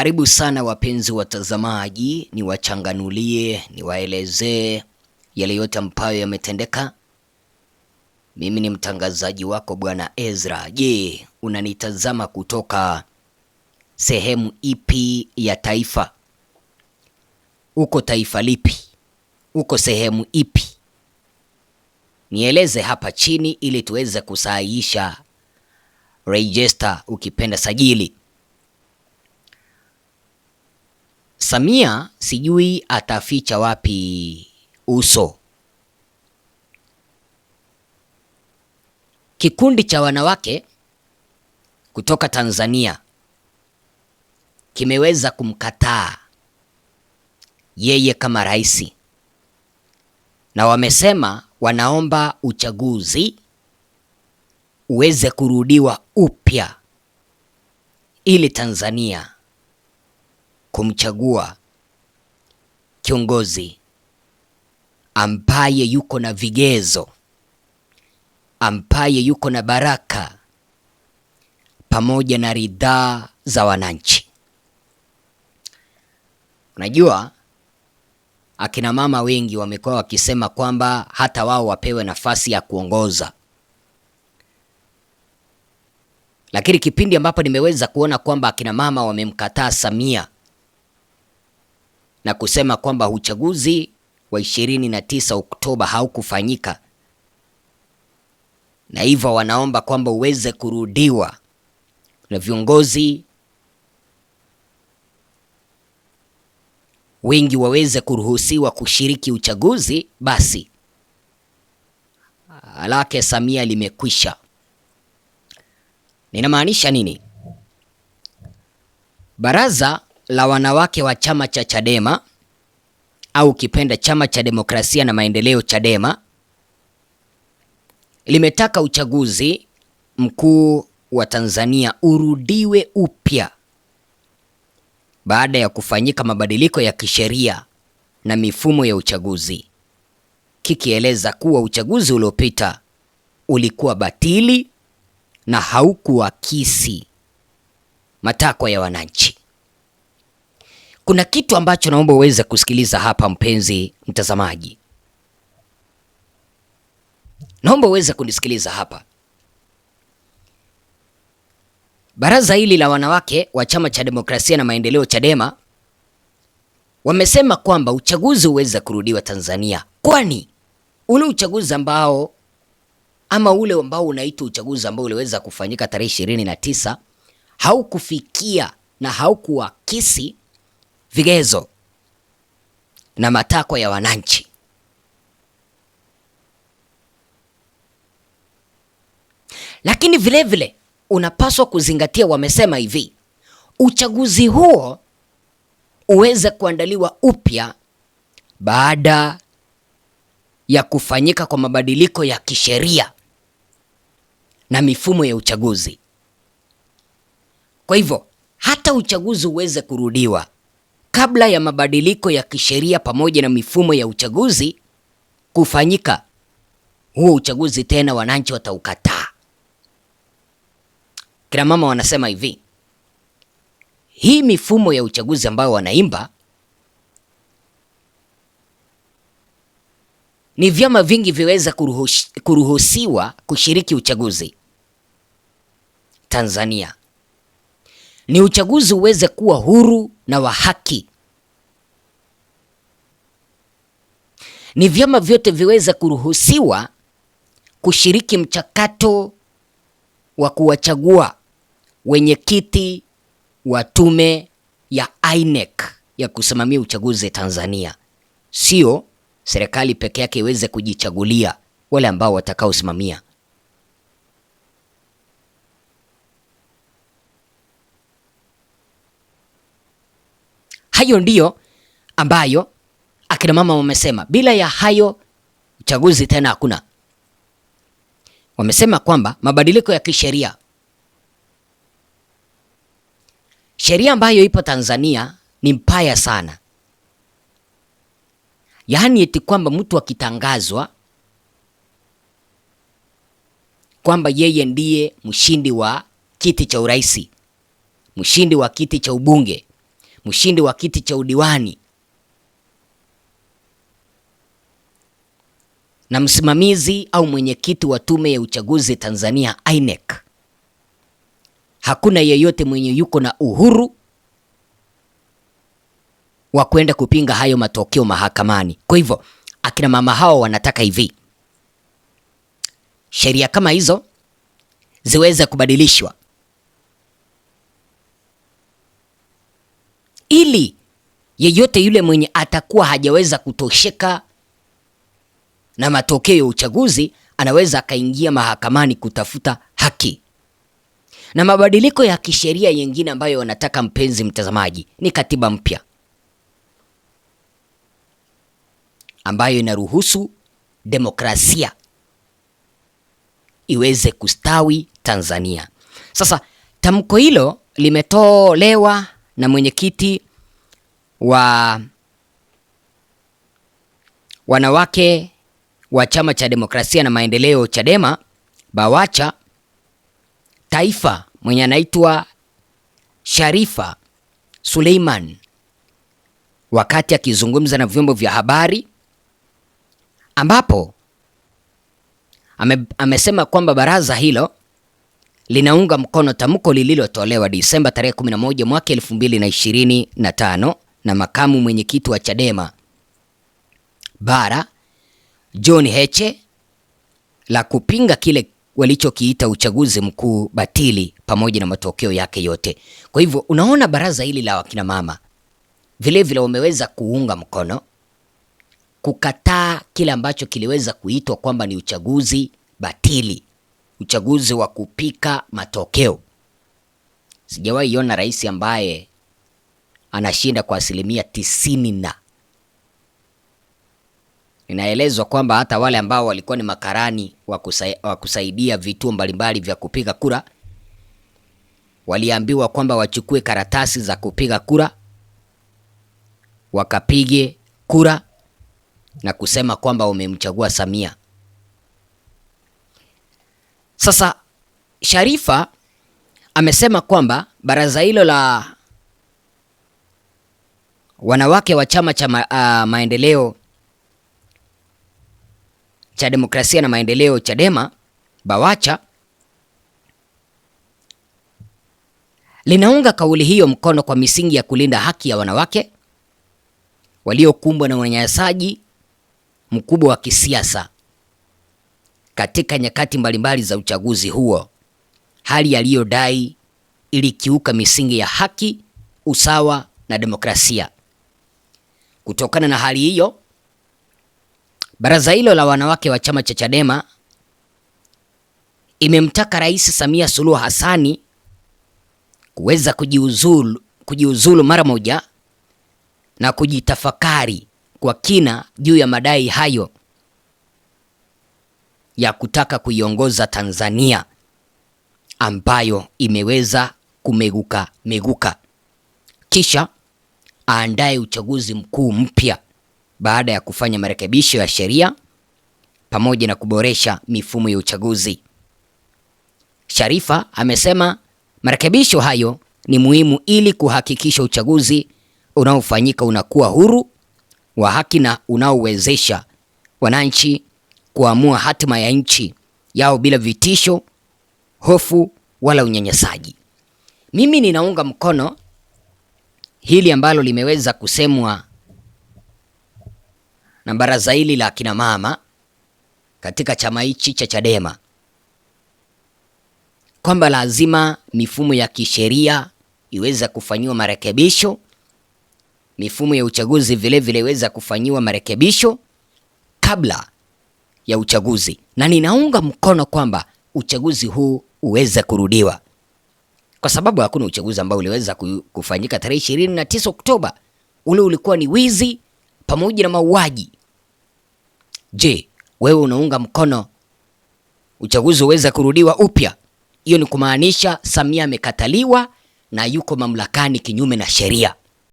Karibu sana wapenzi watazamaji, niwachanganulie, niwaelezee yale yote ambayo yametendeka. Mimi ni mtangazaji wako bwana Ezra. Je, unanitazama kutoka sehemu ipi ya taifa? Uko taifa lipi? Uko sehemu ipi? Nieleze hapa chini ili tuweze kusahihisha, register ukipenda sajili Samia sijui ataficha wapi uso. Kikundi cha wanawake kutoka Tanzania kimeweza kumkataa yeye kama rais, na wamesema wanaomba uchaguzi uweze kurudiwa upya ili Tanzania kumchagua kiongozi ambaye yuko na vigezo, ambaye yuko na baraka pamoja na ridhaa za wananchi. Unajua, akina mama wengi wamekuwa wakisema kwamba hata wao wapewe nafasi ya kuongoza, lakini kipindi ambapo nimeweza kuona kwamba akina mama wamemkataa Samia na kusema kwamba uchaguzi wa 29 Oktoba haukufanyika na hivyo wanaomba kwamba uweze kurudiwa na viongozi wengi waweze kuruhusiwa kushiriki uchaguzi, basi lake Samia limekwisha. Ninamaanisha nini? Baraza la wanawake wa chama cha Chadema au kipenda chama cha demokrasia na maendeleo Chadema limetaka uchaguzi mkuu wa Tanzania urudiwe upya baada ya kufanyika mabadiliko ya kisheria na mifumo ya uchaguzi, kikieleza kuwa uchaguzi uliopita ulikuwa batili na haukuakisi matakwa ya wananchi. Kuna kitu ambacho naomba uweze kusikiliza hapa, mpenzi mtazamaji, naomba uweze kunisikiliza hapa. Baraza hili la wanawake wa chama cha demokrasia na maendeleo Chadema wamesema kwamba uchaguzi uweze kurudiwa Tanzania, kwani ule uchaguzi ambao ama ule ambao unaitwa uchaguzi ambao uliweza kufanyika tarehe ishirini na tisa haukufikia na haukuakisi vigezo na matakwa ya wananchi. Lakini vilevile vile, unapaswa kuzingatia, wamesema hivi, uchaguzi huo uweze kuandaliwa upya baada ya kufanyika kwa mabadiliko ya kisheria na mifumo ya uchaguzi. Kwa hivyo hata uchaguzi uweze kurudiwa kabla ya mabadiliko ya kisheria pamoja na mifumo ya uchaguzi kufanyika, huo uchaguzi tena wananchi wataukataa. Kina mama wanasema hivi, hii mifumo ya uchaguzi ambayo wanaimba ni vyama vingi viweza kuruhusiwa kushiriki uchaguzi Tanzania ni uchaguzi uweze kuwa huru na wa haki, ni vyama vyote viweze kuruhusiwa kushiriki mchakato wa kuwachagua wenyekiti wa tume ya INEC ya kusimamia uchaguzi Tanzania, sio serikali peke yake iweze kujichagulia wale ambao watakaosimamia. Hayo ndiyo ambayo akina mama wamesema. Bila ya hayo uchaguzi tena hakuna. Wamesema kwamba mabadiliko ya kisheria, sheria ambayo ipo Tanzania ni mpaya sana, yaani eti kwamba mtu akitangazwa kwamba yeye ndiye mshindi wa kiti cha urais, mshindi wa kiti cha ubunge mshindi wa kiti cha udiwani na msimamizi au mwenyekiti wa Tume ya Uchaguzi Tanzania INEC. Hakuna yeyote mwenye yuko na uhuru wa kwenda kupinga hayo matokeo mahakamani. Kwa hivyo akina mama hao wanataka hivi, sheria kama hizo ziweze kubadilishwa ili yeyote yule mwenye atakuwa hajaweza kutosheka na matokeo ya uchaguzi anaweza akaingia mahakamani kutafuta haki. Na mabadiliko ya kisheria yengine ambayo wanataka, mpenzi mtazamaji, ni katiba mpya ambayo inaruhusu demokrasia iweze kustawi Tanzania. Sasa tamko hilo limetolewa na mwenyekiti wa wanawake wa chama cha demokrasia na maendeleo Chadema Bawacha Taifa mwenye anaitwa Sharifa Suleiman, wakati akizungumza na vyombo vya habari, ambapo ame, amesema kwamba baraza hilo linaunga mkono tamko lililotolewa Disemba tarehe 11 mwaka 2025 na makamu mwenyekiti wa Chadema bara John Heche la kupinga kile walichokiita uchaguzi mkuu batili pamoja na matokeo yake yote. Kwa hivyo unaona baraza hili la wakina mama vilevile vile wameweza kuunga mkono kukataa kile ambacho kiliweza kuitwa kwamba ni uchaguzi batili, uchaguzi wa kupika matokeo. Sijawahi iona rais ambaye anashinda kwa asilimia tisini na inaelezwa kwamba hata wale ambao walikuwa ni makarani wa wakusai, kusaidia vituo mbalimbali vya kupiga kura waliambiwa kwamba wachukue karatasi za kupiga kura wakapige kura na kusema kwamba umemchagua Samia. Sasa Sharifa amesema kwamba baraza hilo la wanawake wa chama cha ma, uh, maendeleo cha demokrasia na maendeleo Chadema Bawacha linaunga kauli hiyo mkono kwa misingi ya kulinda haki ya wanawake waliokumbwa na unyanyasaji mkubwa wa kisiasa katika nyakati mbalimbali za uchaguzi huo, hali aliyodai ilikiuka misingi ya haki, usawa na demokrasia. Kutokana na hali hiyo, baraza hilo la wanawake wa chama cha Chadema imemtaka Rais Samia Suluhu Hassani kuweza kujiuzulu, kujiuzulu mara moja na kujitafakari kwa kina juu ya madai hayo ya kutaka kuiongoza Tanzania ambayo imeweza kumeguka meguka kisha aandae uchaguzi mkuu mpya baada ya kufanya marekebisho ya sheria pamoja na kuboresha mifumo ya uchaguzi. Sharifa amesema marekebisho hayo ni muhimu ili kuhakikisha uchaguzi unaofanyika unakuwa huru, wa haki na unaowezesha wananchi kuamua hatima ya nchi yao bila vitisho, hofu wala unyanyasaji. Mimi ninaunga mkono hili ambalo limeweza kusemwa na baraza hili la kina mama katika chama hichi cha Chadema kwamba lazima mifumo ya kisheria iweze kufanyiwa marekebisho, mifumo ya uchaguzi vile vile iweze kufanyiwa marekebisho kabla ya uchaguzi, na ninaunga mkono kwamba uchaguzi huu uweze kurudiwa kwa sababu hakuna uchaguzi ambao uliweza kufanyika tarehe ishirini na tisa Oktoba. Ule ulikuwa ni wizi pamoja na mauaji. Je, wewe unaunga mkono uchaguzi uweze kurudiwa upya? Hiyo ni kumaanisha Samia amekataliwa na yuko mamlakani kinyume na sheria.